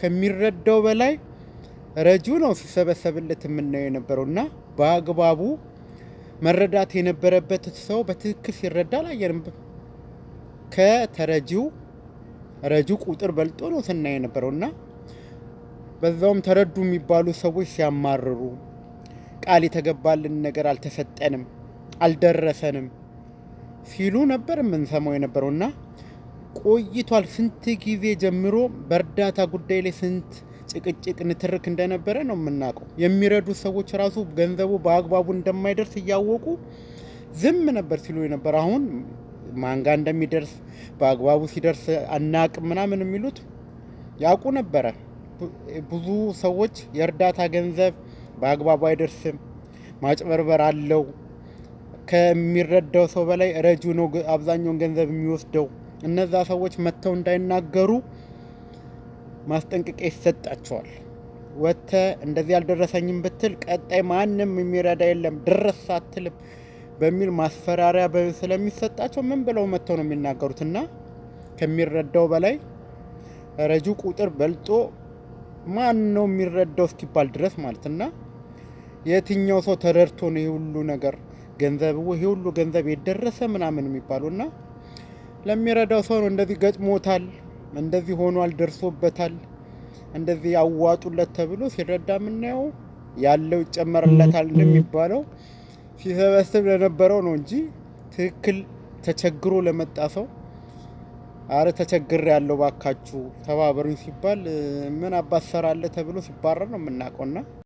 ከሚረዳው በላይ ረጁ ነው ሲሰበሰብለት የምናየው የነበረው እና በአግባቡ መረዳት የነበረበት ሰው በትክክል ሲረዳ አላየንም። ከተረጂው ረጁ ቁጥር በልጦ ነው ስናይ የነበረው እና በዛውም ተረዱ የሚባሉ ሰዎች ሲያማርሩ ቃል የተገባልን ነገር አልተሰጠንም፣ አልደረሰንም ሲሉ ነበር የምንሰማው እና ቆይቷል። ስንት ጊዜ ጀምሮ በእርዳታ ጉዳይ ላይ ስንት ጭቅጭቅ ንትርክ እንደነበረ ነው የምናውቀው። የሚረዱ ሰዎች ራሱ ገንዘቡ በአግባቡ እንደማይደርስ እያወቁ ዝም ነበር ሲሉ ነበር። አሁን ማንጋ እንደሚደርስ በአግባቡ ሲደርስ አናቅ ምናምን የሚሉት ያውቁ ነበረ። ብዙ ሰዎች የእርዳታ ገንዘብ በአግባቡ አይደርስም፣ ማጭበርበር አለው፣ ከሚረዳው ሰው በላይ ረጂው ነው አብዛኛውን ገንዘብ የሚወስደው እነዛ ሰዎች መጥተው እንዳይናገሩ ማስጠንቀቂያ ይሰጣቸዋል። ወጥተ እንደዚህ አልደረሰኝም ብትል ቀጣይ ማንም የሚረዳ የለም ድረስ አትልም በሚል ማስፈራሪያ ስለሚሰጣቸው ምን ብለው መጥተው ነው የሚናገሩት? እና ከሚረዳው በላይ ረጂው ቁጥር በልጦ ማን ነው የሚረዳው እስኪባል ድረስ ማለት እና የትኛው ሰው ተረድቶ ነው ይህ ሁሉ ነገር ገንዘብ ይህ ሁሉ ገንዘብ የደረሰ ምናምን የሚባሉ እና ለሚረዳው ሰው ነው። እንደዚህ ገጥሞታል፣ እንደዚህ ሆኗል፣ ደርሶበታል፣ እንደዚህ ያዋጡለት ተብሎ ሲረዳ የምናየው ያለው ይጨመርለታል እንደሚባለው ሲሰበስብ ለነበረው ነው እንጂ ትክክል ተቸግሮ ለመጣ ሰው አረ ተቸግር ያለው ባካችሁ ተባበሩኝ ሲባል ምን አባት ተብሎ ሲባረር ነው የምናውቀውና